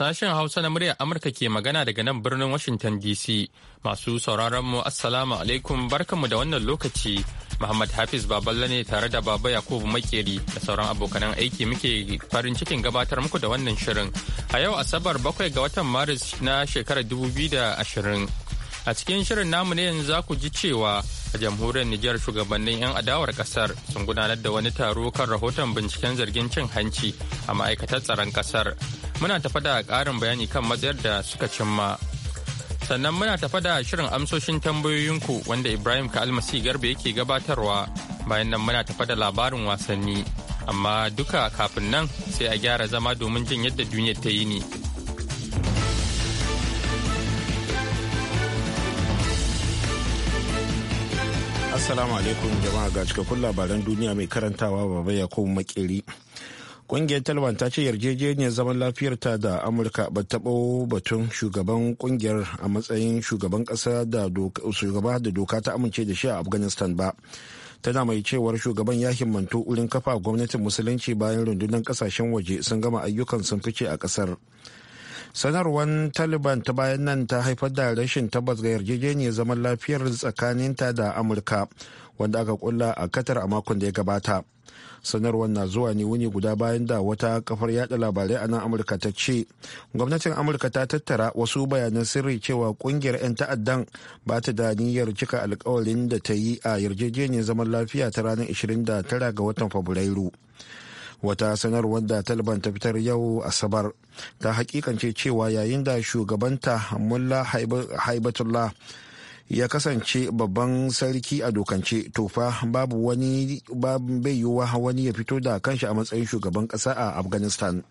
Sashen Hausa na muryar Amurka ke magana daga nan birnin Washington DC. Masu sauraron mu Assalamu alaikum barkanmu da wannan lokaci. Muhammad Hafiz Baballe ne tare da Baba Yakubu Makeri da sauran abokanan aiki muke farin cikin gabatar muku da wannan shirin. A yau Asabar bakwai ga watan Maris na shekarar dubu biyu da ashirin. A cikin shirin namu ne yanzu za ku ji cewa a jamhuriyar Nijar shugabannin 'yan adawar kasar sun gudanar da wani taro kan rahoton binciken zargin cin hanci a ma'aikatar tsaron kasar. Muna tafa da ƙarin bayani kan matsayar da suka cimma. Sannan muna tafa da shirin amsoshin tambayoyinku wanda Ibrahim Kalmasi Garba yake gabatarwa bayan nan muna tafa da labarin wasanni. Amma duka kafin nan sai a gyara zama domin jin yadda duniya ta yi ne. Assalamu alaikum jama'a ga cikakkun labaran duniya mai karantawa baba Yakubu Makeri. Kungiyar Taliban ta ce yarjejeniyar zaman lafiyarta ta da Amurka ba taɓo batun shugaban kungiyar a matsayin shugaban ƙasa da shugaba da doka ta amince da shi a Afghanistan ba. Tana mai cewar shugaban ya himmantu wurin kafa gwamnatin musulunci bayan rundunar kasashen waje sun gama ayyukan sun fice a ƙasar. sanarwar taliban ta bayan nan ta haifar da rashin tabbas ga yarjejeniyar zaman lafiyar tsakaninta da amurka wanda aka kulla a katar a makon da ya gabata sanarwar na zuwa ne wuni guda bayan da wata kafar yada labarai a nan amurka ta ce gwamnatin amurka ta tattara wasu bayanan sirri cewa kungiyar 'yan ta'addan ba ta da niyyar cika alkawarin da ta yi a yarjejeniyar zaman lafiya ta ranar 29 ga watan fabrairu wata sanarwar da taliban ta fitar yau asabar ta hakikance cewa yayin da shugabanta mulla haibatullah ya kasance babban sarki a dokance tofa babu wani bai yiwuwa wani ya fito da kanshi a matsayin shugaban kasa a afghanistan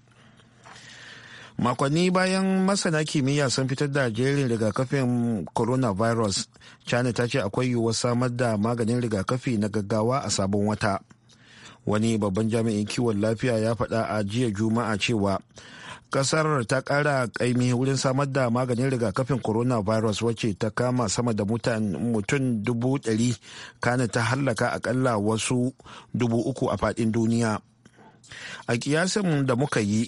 makonni bayan masana kimiyya sun fitar da jerin rigakafin coronavirus china ta ce akwai yiwuwar samar da maganin rigakafi na gaggawa a sabon wata wani babban jami'in kiwon lafiya ya faɗa a jiya juma'a cewa kasar ta ƙara ƙaimi wurin samar da maganin rigakafin coronavirus wacce ta kama sama da mutum dubu ɗari kana ta hallaka akalla wasu dubu uku a faɗin duniya a kiyasin da muka yi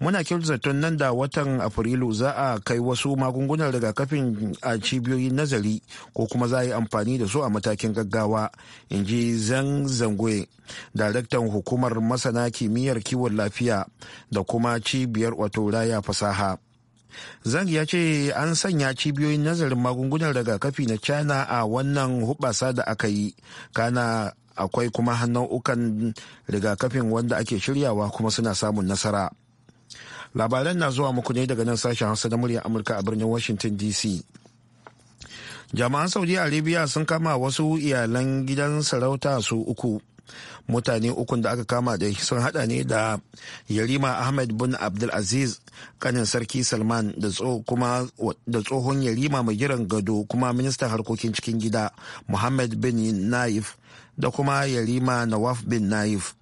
muna zaton nan da watan afrilu za a kai wasu magungunan rigakafin a cibiyoyin nazari ko kuma za a yi amfani da su a matakin gaggawa in ji zan zangwe daraktan hukumar masana kimiyyar kiwon lafiya da kuma cibiyar wato raya fasaha zang ya ce an sanya cibiyoyin nazarin magungunan rigakafi na china a wannan hubasa da aka yi kana akwai kuma ukan rigakafin wanda ake shiryawa kuma suna samun nasara labaran na zuwa muku ne daga nan sashen hausa na murya amurka a birnin washington dc jama'an saudi arabia sun kama wasu iyalan gidan sarauta su uku mutane ukun da aka kama da sun hada ne da yarima ahmed bin abdulaziz kanin sarki salman da tsohon yarima mai jiran gado kuma ministan harkokin cikin gida muhammad bin naif da kuma yarima nawaf bin naif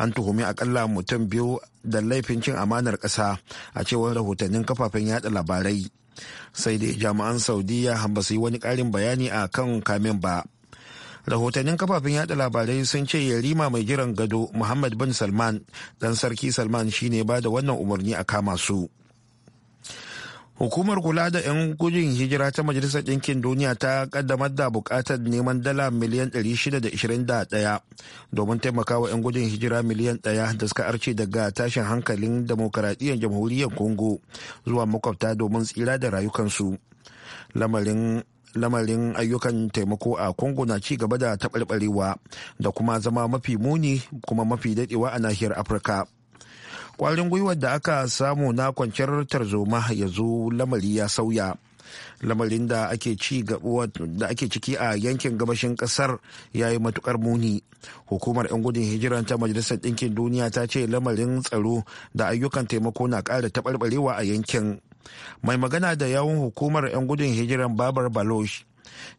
an tuhumi akalla mutum biyu da laifin cin amanar ƙasa a cewar rahotannin kafafen yada labarai sai dai jami'an saudiya ba su yi wani ƙarin bayani a kan kamin ba rahotannin kafafen yada labarai sun ce yarima mai jiran gado muhammad bin salman dan sarki salman shine ba da wannan umarni a kama su Hukumar kula da 'yan gudun hijira ta Majalisar Ɗinkin Duniya ta ƙaddamar da buƙatar neman dala miliyan 621 domin taimakawa 'yan gudun hijira miliyan 1 da suka arce daga tashin hankalin demokaradiyyar jamhuriyar Congo zuwa makwabta domin tsira da rayukansu. Lamarin lamarin ayyukan taimako a Congo na ci gaba da taɓarɓarewa da kuma zama mafi muni kuma mafi daɗewa a nahiyar Afirka. kwarin gwiwar da aka samu na kwanciyar tarzoma ya zo lamari ya sauya lamarin da ake ci da ake ciki a yankin gabashin kasar ya yi matukar muni hukumar 'yan gudun hijiran ta majalisar ɗinkin duniya ta ce lamarin tsaro da ayyukan taimako na ƙara taɓarɓarewa a yankin mai magana da yawun hukumar 'yan gudun hijiran babar baloch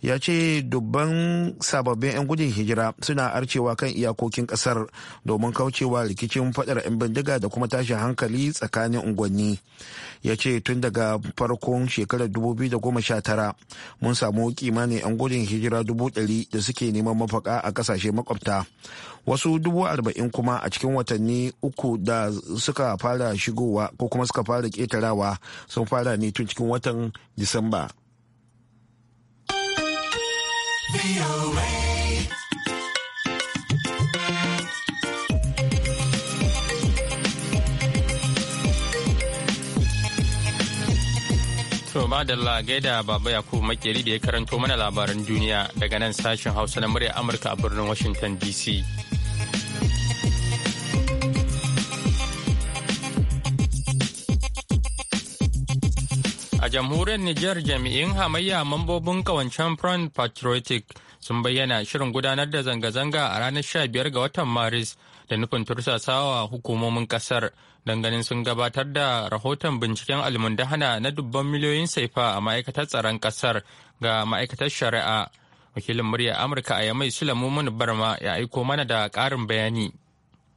ya ce dubban sababbin 'yan gudun hijira suna arcewa kan iyakokin kasar domin kaucewa rikicin fadar 'yan bindiga da kuma tashin hankali tsakanin unguwanni ya ce tun daga farkon shekarar 2019 mun samu kimanin 'yan gudun hijira 100 da suke neman mafaka a kasashe makwabta wasu 40,000 kuma a cikin watanni uku da suka fara shigowa ko kuma suka fara ketarawa sun fara ne tun cikin watan disamba To madalla gaida baba Yakubu makeri da ya karanto mana labaran duniya daga nan sashen Hausa na murya Amurka a birnin Washington DC. A jamhuriyar Nijar jami'in hamayya mambobin kawancen Front Patriotic sun bayyana shirin gudanar da zanga-zanga a ranar 15 ga watan Maris da nufin tursasawa hukumomin kasar ganin sun gabatar da rahoton binciken almundahana na dubban miliyoyin saifa a ma'aikatar tsaron kasar ga ma'aikatar shari'a. Wakilin murya Amurka a Yamai Sulemu Barma ya aiko mana da ƙarin bayani.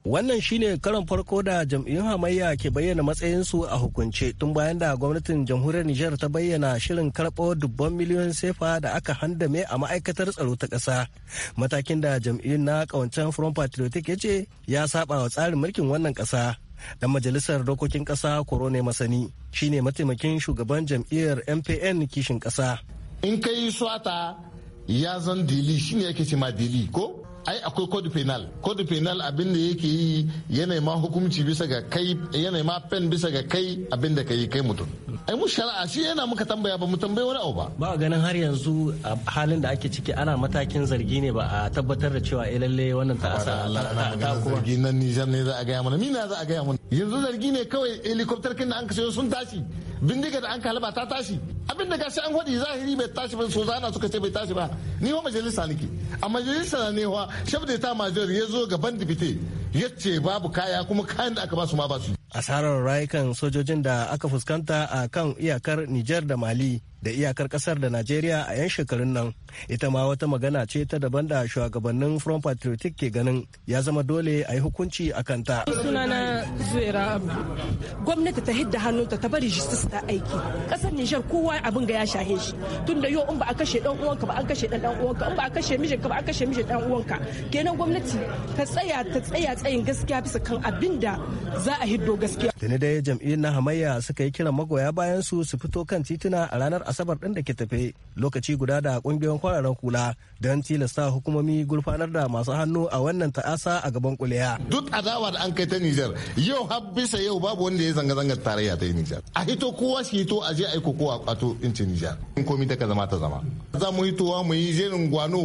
Wannan shine karan farko da jam'iyyun hamayya ke bayyana matsayinsu a hukunce tun bayan da gwamnatin jamhuriyar Nijar ta bayyana shirin karɓo dubban miliyoyin sefa da aka handame a ma'aikatar tsaro ta ƙasa. Matakin da jam'iyyun na ƙawancen Front Patriotic ya ce ya saba wa tsarin mulkin wannan ƙasa. Dan majalisar dokokin ƙasa Korone Masani shine mataimakin shugaban jam'iyyar MPN kishin ƙasa. In kai swata ya zan dili shine yake ce ma dili ko? ai akwai code penal code penal abin da yake yi yanayi ma hukumci bisa ga kai yanayi ma pen bisa ga kai abin da kai kai mutum ai mu shari'a shi yana muka tambaya ba mu tambaye wani abu ba ba ganin har yanzu a halin da ake ciki ana matakin zargi ne ba a tabbatar da cewa eh lalle wannan ta asa ta kuma zargi nan Nijar ne za a gaya mana mina za a gaya mana yanzu zargi ne kawai helicopter kin da an kashe sun tashi bindiga da an kalaba ta tashi abin da gashi an faɗi zahiri bai tashi ba so zana suka ce bai tashi ba ni ho majalisa nake a majalisa ne wa da ta major ya zo gaban dibite ya ce babu kaya kuma kayan da aka ba su ma ba su. asarar rayukan sojojin da aka fuskanta a kan iyakar Nijar da Mali da iyakar kasar da Najeriya a 'yan shekarun nan. Ita ma wata magana ce ta daban da shugabannin Front Patriotic ke ganin ya zama dole a yi hukunci a kanta. Sunana Zuwaira Abu. Gwamnati ta hidda hannunta ta bari justice ta aiki. Kasar Nijar kowa abin ga ya shahe shi. Tun da yau in ba a kashe dan uwanka ba an kashe dan uwanka in ba a kashe mijinka ba an kashe mijin dan uwanka. Kenan gwamnati ta tsaya ta tsaya tsayin gaskiya bisa kan abin da za a hiddo gaskiya. Tuni dai jam'iyyar na hamayya suka yi kiran magoya bayan su su fito kan tituna a ranar asabar ɗin da ke tafe lokaci guda da ƙungiyoyin kwararen hula don tilasta hukumomi gurfanar da masu hannu a wannan ta'asa a gaban kuliya. Duk adawa da an kai ta Nijar yau har bisa yau babu wanda ya zanga-zangar tarayya ta Nijar. A hito kowa shi hito a je a yi koko a kwato Nijar. In komi ta zama ta zama. Za mu hitowa mu yi jerin gwano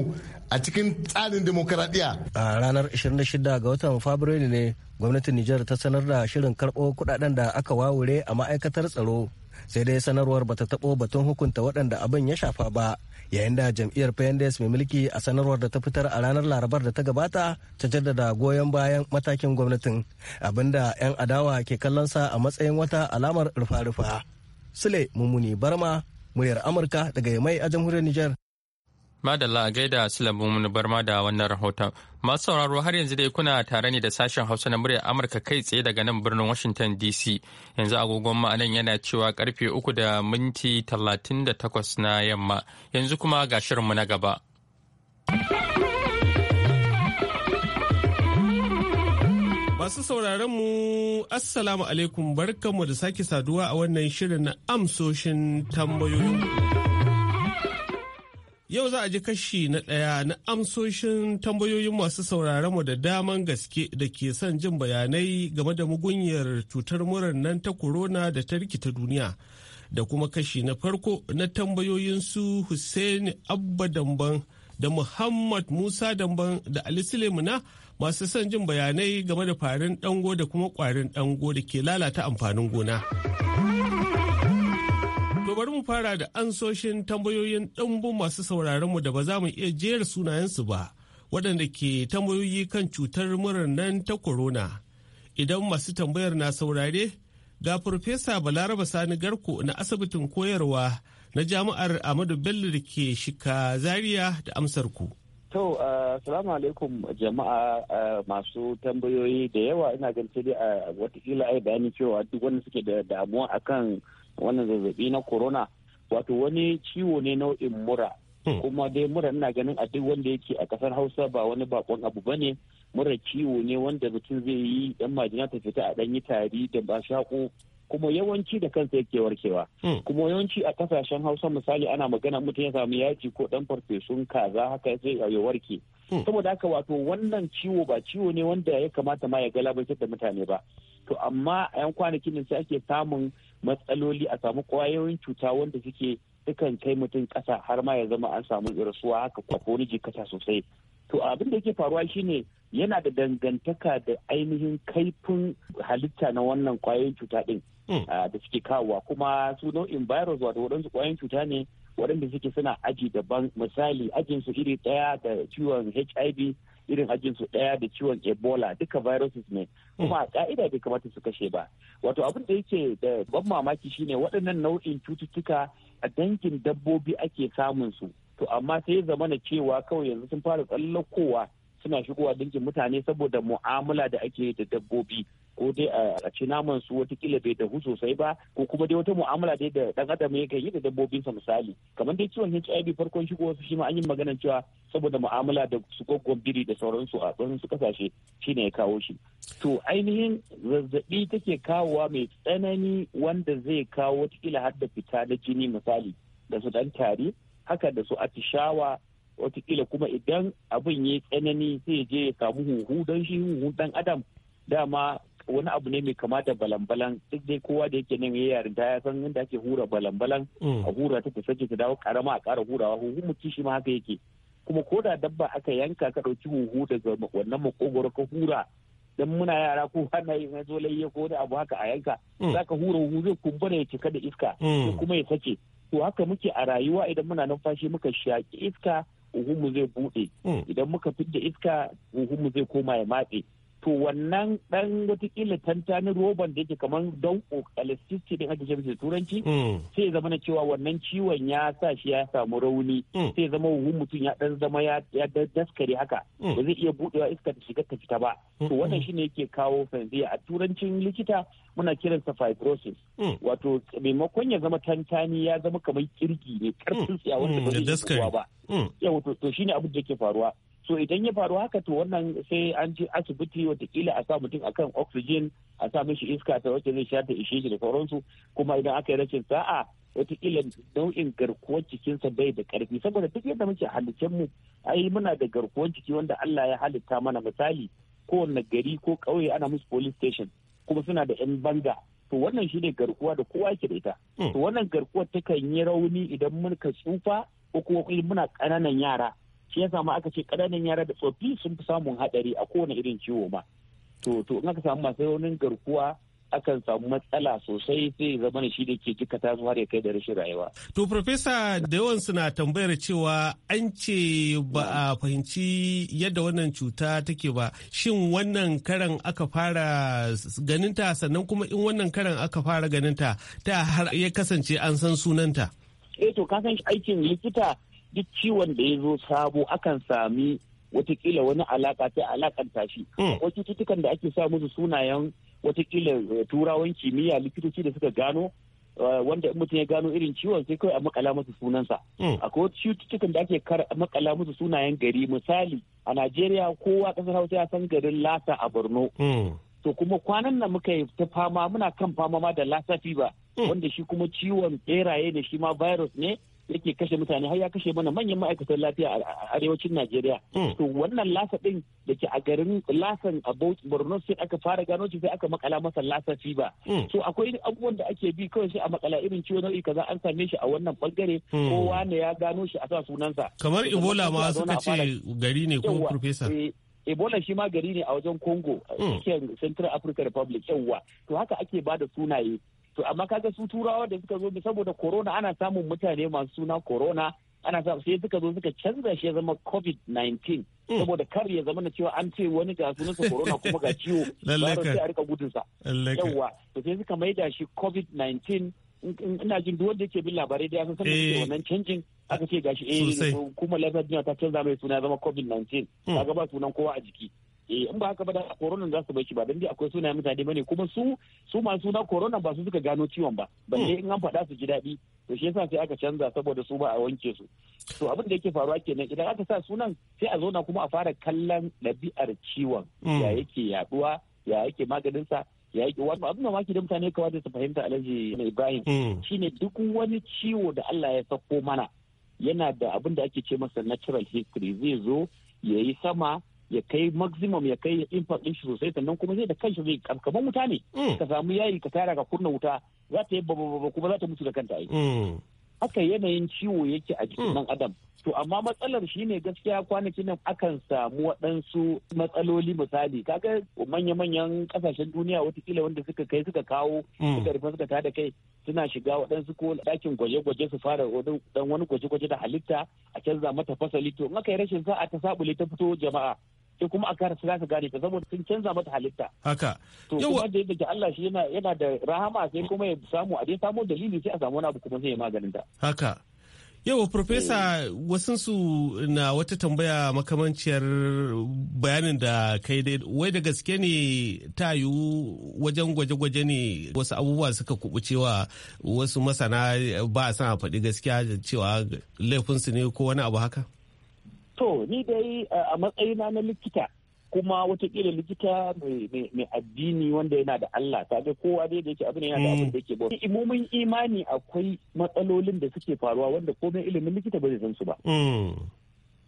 a cikin tsarin demokaradiyya. A ranar 26 ga watan Fabrairu ne gwamnatin Nijar ta sanar da shirin karɓo kuɗaɗen da aka wawure a ma'aikatar tsaro sai dai sanarwar bata taɓo batun hukunta waɗanda abin ya shafa ba yayin da jam'iyyar pendes mai mulki a sanarwar da ta fitar a ranar larabar da ta gabata ta jaddada goyon bayan matakin gwamnatin abinda 'yan adawa ke kallon sa a matsayin wata alamar rufa-rufa sule mummuni barma muryar amurka daga mai a jamhuriyar nijar. Madalla a gaida bar Barma da wannan rahoton. Masu sauraro har yanzu dai kuna tare ne da sashen Hausa na muryar Amurka kai tsaye daga nan birnin Washington DC. Yanzu agogon ma'anan yana cewa karfe uku da minti talatin da takwas na yamma. Yanzu kuma ga shirinmu na gaba. Masu sauraron mu Assalamu alaikum barkanmu da sake saduwa a wannan shirin amsoshin tambayoyin. Yau za a ji kashi na ɗaya na amsoshin tambayoyin masu sauraron mu da daman gaske da ke son jin bayanai game da mugunyar cutar murar nan ta corona da ta rikita duniya. Da kuma kashi na farko na tambayoyin su Hussein Abba Damban da Muhammad Musa Damban da Ali Sulemuna masu son jin bayanai game da farin dango da kuma kwarin dango da ke lalata amfanin gona. To bari mu fara da ansoshin tambayoyin ɗanbun masu sauraronmu da ba za mu iya jera sunayensu ba waɗanda ke tambayoyi kan cutar murar nan ta corona. Idan masu tambayar na saurare, ga Farfesa Balaraba Sani Garko na asibitin koyarwa na jami'ar Ahmadu Bello da ke shika zariya da amsar ku. To, uh, salamu alaikum jama'a uh, masu tambayoyi da yawa ina ganin sai dai uh, watakila ai bayani cewa duk wanda suke da damuwa akan wannan zazzabi na corona wato wani ciwo ne nau'in mura hmm. kuma dai mura na ganin a duk wanda yake a kasar hausa ba wani bakon abu bane mura ciwo ne wanda mutum zai yi yan majina ta fita a ɗanyi tari da ba shaƙo kuma yawanci da kansa yake warkewa hmm. kuma yawanci a kasashen hausa misali ana magana mutum ya samu yaji ko dan farfesun kaza haka sai ya warke hmm. saboda haka wato wannan ciwo ba ciwo ne wanda ya kamata ma ya galabaitar da mutane ba to amma a yan kwanakin sai ake samun matsaloli a samu kwayoyin cuta wanda suke sukan kai mutum ƙasa har ma ya zama an samu rasuwa haka ko wani jikata sosai to abin da yake faruwa shine yana da dangantaka da ainihin kaifin halitta na wannan kwayoyin cuta din hmm. ah, da suke kawowa kuma su nau'in virus wato waɗansu kwayoyin cuta ne waɗanda suke suna aji daban misali ajinsu iri ɗaya da ciwon hiv irin ajin su daya da ciwon ebola duka viruses ne kuma a ka'ida bai kamata su kashe ba wato abin da yake da ban mamaki shine waɗannan nau'in cututtuka a dangin dabbobi ake samun su to amma sai ya zamana cewa kawai yanzu sun fara tsallakowa suna shigowa dangin mutane saboda mu'amala da ake da dabbobi ko dai a ci naman su watakila bai dahu sosai ba ko kuma dai wata mu'amala dai da dan adam ya yi da dabbobinsa misali kamar dai ciwon HIV farkon shigo wasu shi ma an yi cewa saboda mu'amala da su goggon biri da sauransu a su kasashe shine ya kawo shi to ainihin zazzabi take kawowa mai tsanani wanda zai kawo watakila har da fita na jini misali da su dan tari haka da su atishawa watakila kuma idan abin ya tsanani sai je ya samu huhu don shi huhu dan adam dama wani abu ne mai kamata da balan duk dai kowa da yake nan yarinta ya san yadda ake hura balambalan mm. a hura ta ta sake ta dawo karama a kara hurawa huhu mu kishi ma haka yake kuma ko da dabba aka yanka ka ɗauki huhu daga wannan makogoro ka hura dan muna yara ko hana yin zo layye ko da abu haka a yanka mm. zaka hura huhu zai kumbura ya cika da iska mm. kuma ya sake to haka muke a rayuwa idan muna numfashi muka shaki iska mu zai buɗe idan muka fidda iska mu zai koma ya matse to wannan dan watakila tantanin roban da yake kamar don elasticity din ake shi turanci hmm. sai zama na cewa wannan ciwon ya sa shi ya samu rauni hmm. sai zama huhun mutum ya dan zama ya daskare haka hmm. ba zai iya buɗewa iska ta shiga ta fita ba to wannan shine yake kawo fanziya a turancin likita muna kiransa fibrosis wato maimakon ya zama tantani ya zama kamar kirgi ne karfin tsiya wanda ba zai ba yawa to shine abin da yake faruwa to idan ya faru haka to wannan sai an ji asibiti watakila a sa mutum akan oxygen a sa mishi iska ta wacce zai sha ishe shi da sauransu kuma idan aka yi rashin sa'a watakila nau'in garkuwar jikinsa bai da karfi saboda duk yadda muke halittar mu ai muna da garkuwar jiki wanda Allah ya halitta mana misali kowane gari ko ƙauye ana musu police station kuma suna da 'yan banga to wannan shine garkuwa da kowa ke da ita hmm. to wannan garkuwar takan yi rauni idan muka tsufa ko kuma muna ƙananan yara shi ya samu aka ce kananan yara da tsofi sun fi samun haɗari a kowane irin ciwo ma to to in aka samu masu raunin garkuwa akan samu matsala sosai sai zama shi da ke jika ta har ya kai da rashin rayuwa. To Profesa da yawan suna tambayar cewa an ce ba a fahimci yadda wannan cuta take ba shin wannan karan aka fara ganinta sannan kuma in wannan karan aka fara ganinta ta har ya kasance an san sunanta. Eh to ka san aikin likita duk ciwon da ya zo sabo akan sami watakila wani alaka ta alakanta shi hmm. akwai cututtukan da ake sa musu sunayen watakila eh, turawan kimiyya likitoci da suka gano eh, wanda mutum ya gano irin ciwon sai kawai a makala musu sunansa hmm. akwai cututtukan da ake makala musu sunayen gari misali a najeriya kowa kasar hausa ya san garin lasa a borno hmm. to kuma kwanan nan muka yi ta fama muna kan fama ma da lasa fever wanda shi kuma ciwon beraye ne shi ma virus ne yake kashe mutane har ya kashe mana manyan ma'aikatan lafiya a arewacin Najeriya. Hmm. To wannan lasa din da ke a garin lasan a Borno sai aka fara gano shi sai aka makala masa lasa ba. Hmm. So akwai abubuwan da ake bi kawai sai a makala irin ciwon nau'i kaza an same shi a wannan bangare hmm. kowa ne ya gano shi a sa sunansa. Kamar Ebola ma suka ce gari ne ko Profesa. Eh, ebola shi ma gari ne a wajen congo cikin central africa republic yawwa to haka ake bada sunaye to amma kaga su turawa da suka zo saboda corona ana samun mutane masu suna corona ana sa sai suka zo suka canza shi ya zama covid-19 hmm. saboda kar ya zama na cewa an ce wani ga sunansa corona kuma ga ciwo ba sai a rika sa yawwa to sai suka maida shi covid-19 ina jin duk wanda yake bin labarai da san sanin eh. wannan canjin aka ce gashi eh kuma lafiyar duniya ta canza mai suna zama covid-19 hmm. kaga ba sunan kowa a jiki eh in ba haka ba da corona za su bashi ba dan dai akwai sunayen mutane ne kuma su su masu na corona ba su suka gano ciwon ba balle in an faɗa su ji daɗi to shi yasa sai aka canza saboda su ba a wanke su to abin da yake faruwa kenan idan aka sa sunan sai a zo na kuma a fara kallon ɗabi'ar ciwon mm. ya yake yaduwa ya yake maganin sa ya yake wato abin mamaki da mutane kawai su fahimta alhaji ibrahim mm. shine duk wani ciwo da Allah ya sako mana yana da abin da ake ce masa natural history zai zo ya yi sama ya kai maximum ya kai impact din shi sosai sannan kuma zai da kanshi zai kamar mutane mm. ka samu yayi ka tara ka kunna wuta za ta yi babba kuma za ta mutu da kanta ai mm. haka yanayin ciwo yake a jikin dan mm. adam to amma matsalar shine gaskiya kwanakin nan akan samu waɗansu matsaloli misali kaga manya-manyan kasashen duniya watakila wanda suka kai suka kawo suka rufe suka tada kai suna shiga waɗansu ko ɗakin gwaje-gwaje su fara dan wani gwaje-gwaje da halitta a canza mata fasali to in aka yi rashin sa'a ta sabule ta fito jama'a sai kuma a kara za gane ta saboda sun canza mata halitta haka to kuma da yadda Allah shi yana da rahama sai kuma ya samu a dai samu dalili sai a samu wani abu kuma sai ya maganin ta haka yawa profesa eh. wasansu na wata tambaya makamanciyar bayanin da kai dai wai da gaske ne ta yi wajen gwaje-gwaje ne wasu abubuwa suka kubu cewa wasu masana ba a san a faɗi gaskiya cewa laifinsu ne ko wani abu haka To, ni dai eh, a matsayina na likita, kuma watakila likita mai addini wanda yana da Allah, ta ta kowa dai da yake abin yana da abin da yake bauta. Imomin imani akwai matsalolin da suke faruwa wanda komai ilimin likita ba zai san su ba. Mm.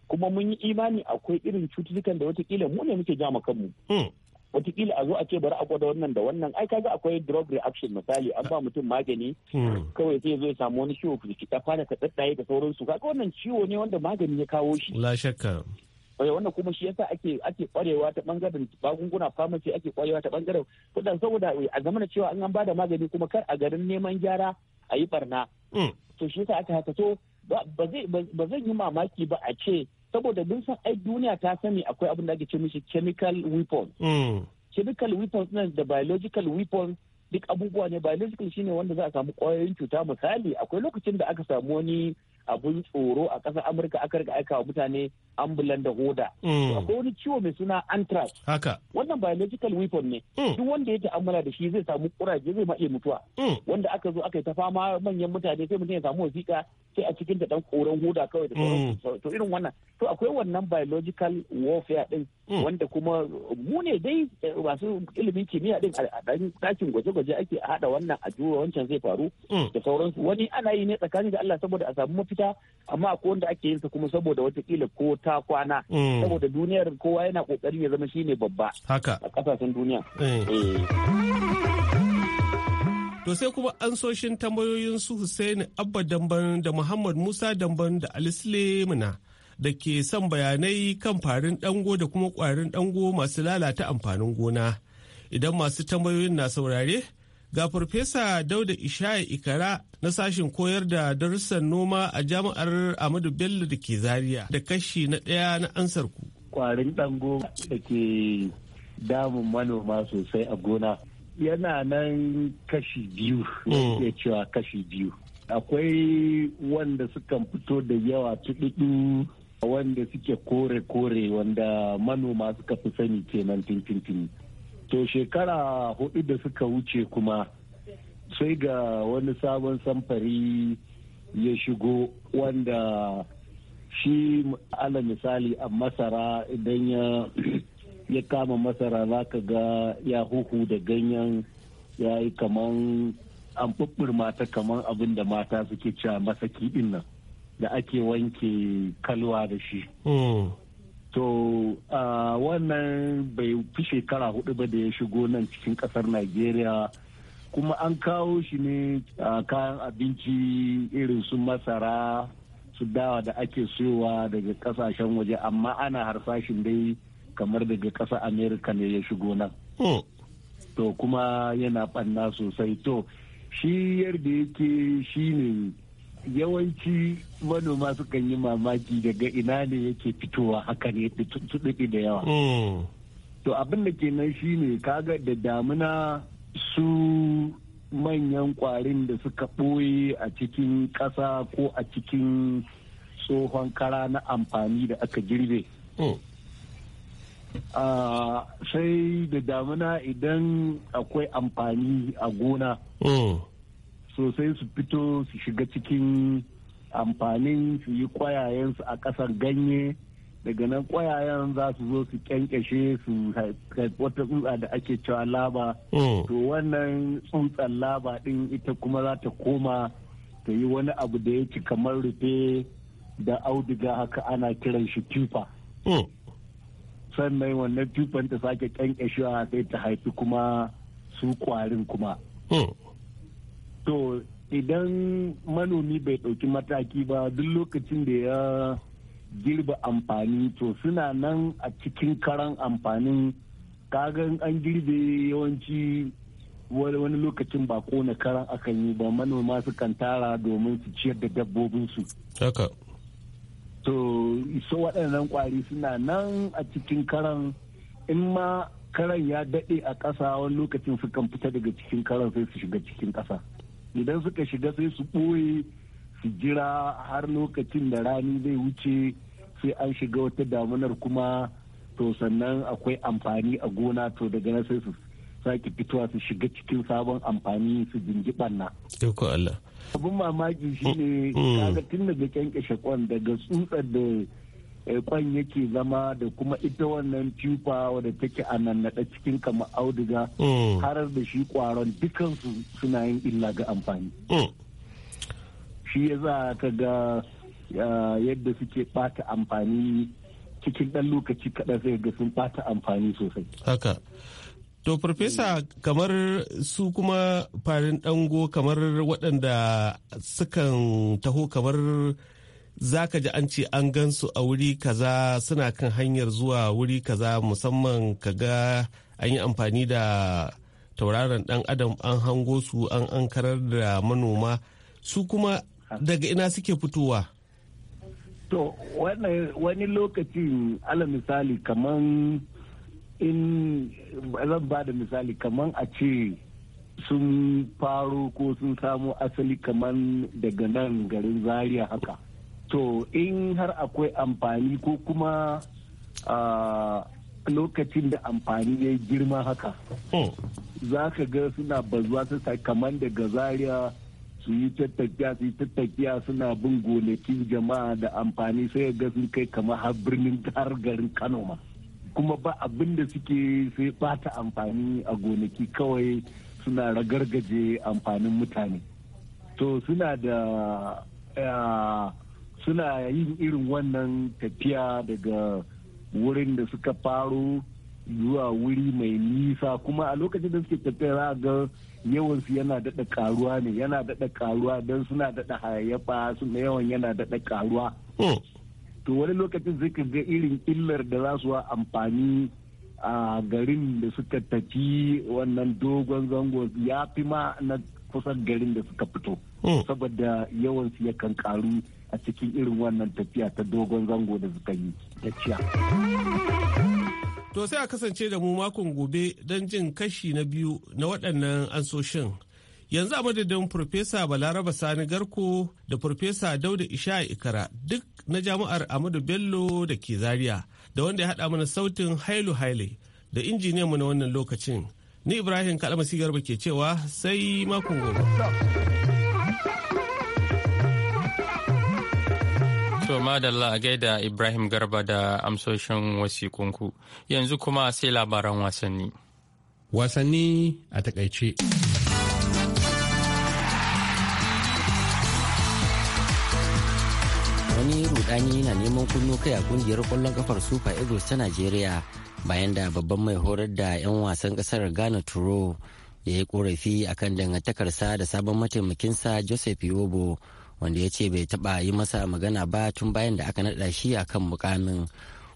Kuma mun yi imani akwai irin cututtukan da watakila mu ne muke jama kanmu. Mm. watakila a zo a ce bari a gwada wannan da wannan ai kaga akwai drug reaction misali an ba mutum magani hmm. kawai sai zo samu wani ciwo ta kwana ta tsaddaye da sauransu kaga wannan ciwo ne wanda magani ya kawo shi la shakka eh, wannan kuma shi yasa ake ake kwarewa ta bangaren magunguna pharmacy ake kwarewa ta bangaren kudan saboda a zamana cewa an ba da magani kuma kar a garin neman gyara a yi barna hmm. to shi yasa aka haka to ba zan yi mamaki ba a ce saboda mun san ai duniya ta sani akwai abin da ake ce mishi chemical weapons mm. chemical weapons nan da biological weapons duk abubuwa ne biological shine wanda za a samu kwayoyin cuta misali akwai lokacin da aka samu wani abun tsoro a ƙasar amurka aka rika aika wa mutane ambulan da hoda mm. akwai wani ciwo mai suna anthrax haka wannan biological weapon ne mm. duk wanda ya ta'amala da shi zai samu kuraje zai ma mutuwa mm. wanda aka zo aka yi ta fama manyan mutane sai mutum ya samu wasiƙa sai a cikin da dan koran hoda kawai da to irin wannan to akwai wannan biological warfare din wanda kuma mu ne dai eh, masu ilimin kimiyya ɗin a dakin gwaje-gwaje ake haɗa wannan a jura wancan zai faru da sauransu wani ana yi ne tsakanin da Allah saboda a samu mafi fita amma akwai wanda ake yin sa kuma saboda watakila ko ta kwana mm. saboda duniyar kowa yana kokari ya zama shine babba haka a kasashen duniya eh. Eh. To sai kuma ansoshin tambayoyin su Hussein Abba Damban da Muhammad Musa Damban da Alisle Muna da ke son bayanai kan farin dango da kuma kwarin dango masu lalata amfanin gona. Idan masu tambayoyin na saurare, Ga Farfesa Dauda Ishaya Ikara na sashen koyar da darussan noma a jami'ar Amadu Bello da ke Zaria da kashi na ɗaya na ansar ku. Kwarin dango da ke damun manoma sosai a gona yana nan kashi biyu, hmm. ya cewa kashi biyu. akwai wanda sukan fito da yawa tuɗuɗu wanda suke kore-kore wanda manoma suka fi sani kenan tintin to shekara hudu da suka wuce kuma sai ga wani sabon samfari ya shigo wanda shi ala misali a masara idan ya ya kama masara za ka ga ya huhu da ganyen ya yi kaman an mata kaman abin da mata suke cewa masaki nan da ake wanke kalwa da shi hmm. to wannan bai fi shekara hudu ba da ya shigo nan cikin kasar nigeria kuma an kawo shi ne kayan abinci irin su masara su dawa da ake siyowa daga kasashen waje amma ana harsashin dai kamar daga ƙasa amerika ne ya shigo nan oh. to kuma yana ɓanna sosai to shi yadda yake shi ne yawanci manoma sukan yi mamaki daga ina ne yake fitowa haka ne tuɗuɗi da yawa hmm. to abin da ke nan shi ne kaga da damuna su manyan ƙwarin da suka ɓoye a cikin ƙasa ko a cikin tsohon kara na amfani da aka girbe hmm. sai da damuna idan akwai amfani a gona hmm. sosai su fito su shiga cikin amfanin su yi kwayayensu a ƙasar ganye daga nan kwayayen za su zo su kyankyashe su wata tsutsa da ake cewa laba mm. to wannan tsutsan laba din ita kuma za ta koma ta yi wani abu da ya ci kamar rufe da auduga haka ana kiran shi tufa mm. sannan wannan tufan ta sake kyankyashewa sai ta haifi kuma su kwarin kuma mm. to idan manomi bai ɗauki mataki ba duk lokacin da ya girba amfani to suna nan a cikin karan amfanin kagan an girbe yawanci wani lokacin ba kona karan akan yi ba manoma kan tara domin su ciyar da dabbobinsu haka to so waɗannan ƙwari suna nan a cikin karan in ma karan ya daɗe a ƙasa wani lokacin kan fita daga cikin karan sai su shiga cikin ƙasa idan suka shiga sai su ɓoye su jira har lokacin da rani zai wuce sai an shiga wata damunar kuma to sannan akwai amfani a gona to daga nan sai su sake fitowa su shiga cikin sabon amfani su jingi ɓanna. Allah. Abin mamaki shine mm, mm. kaga tun daga kyankyashe kwan daga tsutsar da Eh, kwan yake zama da kuma ita wannan tufa wadda take a nannaɗa cikin kamar auduga mm. harar da shi kwaron dukansu suna yin illa ga amfani mm. shi ya za ka ga yadda suke ɓata amfani cikin ɗan lokaci kaɗan sai ga sun ɓata amfani sosai haka To, Farfesa, kamar su kuma farin ɗango kamar waɗanda sukan taho kamar za ka ji an ce an gan su a wuri kaza suna kan hanyar zuwa wuri kaza musamman ka ga an yi amfani da tauraron dan adam an hango su an ankarar da manoma su kuma daga ina suke fitowa to wani lokaci ala misali kaman in zan ba da misali kaman a ce sun faro ko sun samo asali kaman daga nan garin zaria haka to in har akwai amfani ko kuma lokacin da amfani ya girma haka oh. za ka ga suna bazuwa su kamar daga zaria su yi tattakiya su yi tattakiya suna bin gonakin jama'a da amfani sai ga sun kai kamar har birnin har garin kano ma kuma ba abin da suke sai bata amfani a gonaki kawai suna ragargaje amfanin mutane to suna da suna yin irin wannan tafiya daga wurin da suka faru zuwa wuri mai nisa kuma a lokacin da suke tafiya za ga yawansu yana daɗa karuwa ne yana daɗa karuwa don suna daɗa hayayyafa suna yawan yana daɗa karuwa oh. to wani lokacin zai ga irin illar da za su amfani a garin da suka tafi wannan dogon zango ya fi ma na kusan garin da suka fito oh. saboda yawansu yakan karu a cikin irin wannan tafiya ta dogon zango da suka yi da ciya. To sai a kasance da mu makon gobe don jin kashi na biyu na waɗannan ansoshin. Yanzu a madadin Farfesa Balaraba Sani Garko da Farfesa Dauda Isha Ikara duk na jami'ar Amadu Bello da ke Zaria da wanda ya haɗa mana sautin Hailu Haile da injiniyanmu na wannan lokacin. Ni Ibrahim Kalama Garba ke cewa sai makon gobe. To madalla a gaida Ibrahim Garba da amsoshin wasikunku yanzu kuma sai labaran wasanni. Wasanni a takaice. Wani rudani na neman kunno kai a kungiyar kwallon kafar Super Eagles ta Najeriya bayan da babban mai horar da 'yan wasan kasar Ghana Turo ya yi korafi akan dangantakarsa da sabon mataimakinsa Joseph Yobo. wanda ya ce bai taɓa yi masa magana ba tun bayan da aka naɗa shi a kan mukamin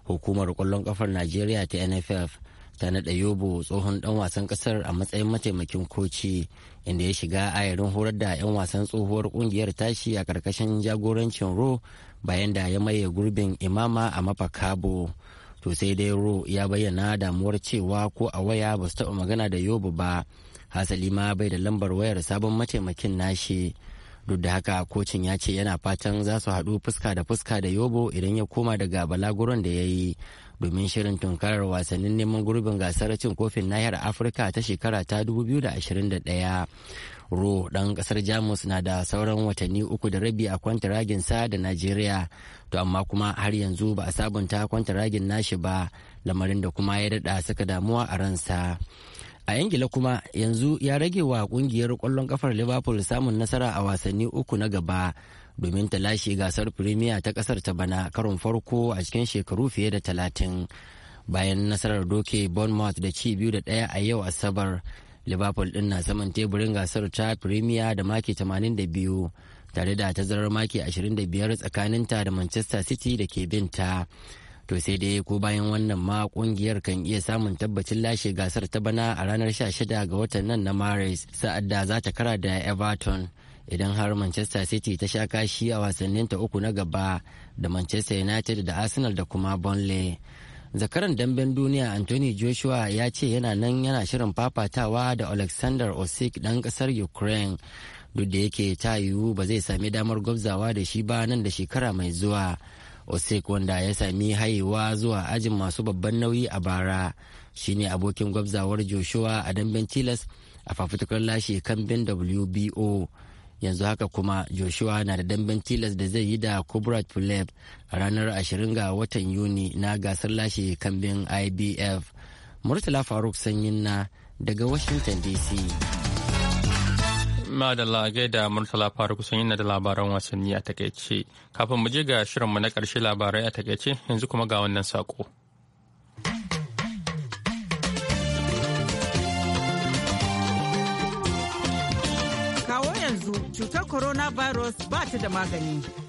hukumar kwallon kafar najeriya ta nff ta naɗa yobo tsohon ɗan wasan ƙasar a matsayin mataimakin koci inda ya shiga ayarin horar da 'yan wasan tsohuwar ƙungiyar tashi a ƙarƙashin jagorancin ro bayan da ya maye gurbin imama a mafakabo to sai dai ro ya bayyana damuwar cewa ko a waya ba su taɓa magana da yobo ba hasali ma bai da lambar wayar sabon mataimakin nashi duk da haka kocin ya ce yana fatan za su haɗu fuska da fuska da yobo idan ya koma daga balaguron da ya yi domin shirin tunkarar wasannin neman gurbin gasar cin kofin nahiyar afirka ta shekara ta 2021 ro dan kasar jamus na da sauran watanni uku da rabi a kwantaragin sa da najeriya to amma kuma har yanzu ba a sabunta kwantaragin nashi ba lamarin da kuma ya daɗa suka damuwa a ransa a ingila kuma yanzu ya rage wa kungiyar kwallon kafar liverpool samun nasara a wasanni uku na gaba domin ta lashe gasar premier ta kasar ta bana karon farko a cikin shekaru fiye da talatin bayan nasarar doke bournemouth da ci biyu da ɗaya a yau asabar liverpool din na saman teburin gasar ta premier da maki 82 tare da tazarar maki 25 tsakaninta da manchester city da ke binta. To sai dai ko bayan wannan ma kungiyar kan iya samun tabbacin lashe gasar ta bana a ranar 16 ga watan nan na Maris sa'ad da za ta kara da Everton idan har Manchester City ta sha kashi a wasannin ta uku na gaba da Manchester United da Arsenal da kuma Burnley. Zakaran damben duniya Anthony Joshua ya ce yana nan yana shirin fafatawa da Alexander Osik dan kasar Ukraine duk da yake ta yiwu ba zai sami damar gwabzawa da shi ba nan da shekara mai zuwa. osik wanda ya sami haihuwa zuwa ajin masu babban nauyi a bara shine abokin gwabzawar joshua a damben tilas a fafutukar lashe kambin wbo yanzu haka kuma joshua na da damben tilas da zai yi da kubrat puleb a ranar 20 ga watan yuni na gasar lashe kambin ibf murtala faruk sanyin na daga washington dc Madalla da Murtala Faruk sun yana da labaran wasanni a takaice. Kafin mu je ga shirinmu na karshe labarai a takaice yanzu kuma ga wannan saƙo. Kawo yanzu cutar coronavirus ba ta da magani.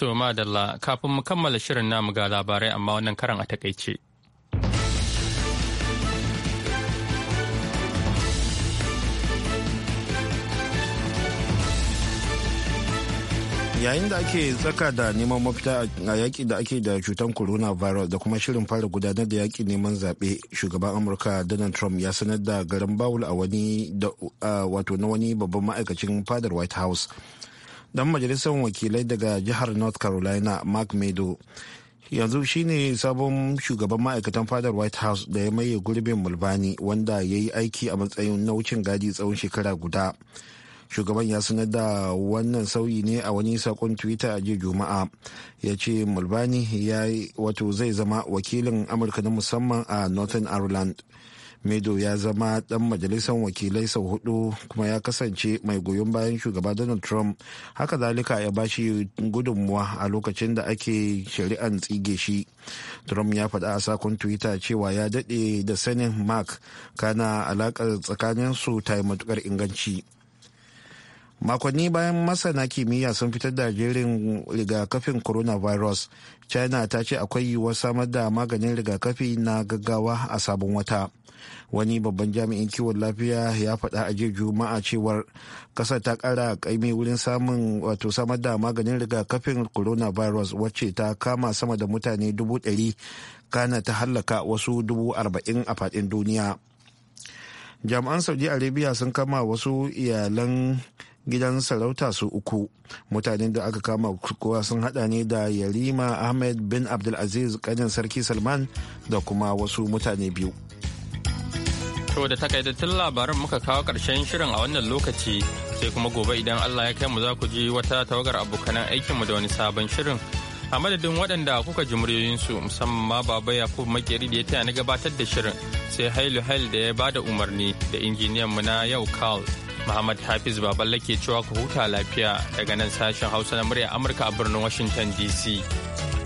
To madalla kafin mu kammala shirin namu ga labarai amma wannan karan a takaice. yayin da ake tsaka da neman mafita a yaƙi da ake da cutar corona virus da kuma shirin fara gudanar da yaƙi neman zaɓe shugaban amurka donald trump ya sanar da garin bawul a wani wato na wani babban ma'aikacin fadar white house dan majalisar wakilai daga jihar north carolina mark meadow yanzu shine sabon shugaban ma'aikatan fadar white house da ya maye gurbin mulbani wanda ya yi aiki a matsayin naucin gadi tsawon shekara guda shugaban ya sanar da wannan sauyi ne a wani sakon twitter a jiya juma'a ya ce mulbani ya wato zai zama wakilin amurka na musamman a northern ireland medo ya zama dan majalisar wakilai sau hudu kuma ya kasance mai goyon bayan shugaba donald trump haka zalika ya bashi gudunmuwa a lokacin da ake shari'an tsige shi trump ya faɗa a sakon twitter cewa ya daɗe da sanin mark kana alaƙar tsakaninsu ta yi matukar inganci makonni bayan masana kimiyya sun fitar da jerin rigakafin coronavirus china ta ce akwai yiwuwar samar da maganin rigakafi na gaggawa a sabon wata wani babban jami'in kiwon lafiya ya faɗa a jirgin juma'a cewar kasar ta ƙara ƙaimi wurin samun wato samar da maganin rigakafin coronavirus wacce ta kama sama da mutane dubu ɗari kana ta hallaka wasu dubu arba'in a faɗin duniya jami'an saudi arabia sun kama wasu iyalan gidan sarauta su uku mutanen da aka kama kowa sun hada ne da yarima ahmed bin abdulaziz kanin sarki salman da kuma wasu mutane biyu to da takaitattun labaran muka kawo karshen shirin a wannan lokaci sai kuma gobe idan allah ya kai mu za ku ji wata tawagar abokanan aikin mu da wani sabon shirin a madadin waɗanda kuka ji muryoyinsu musamman ma baba yakub makeri da ya taya na gabatar da shirin sai hailu hail da ya bada umarni da injiniyan mu na yau carl Muhammad Hafiz Baballe ke cewa ku huta lafiya daga nan sashen Hausa na murya Amurka a birnin Washington DC.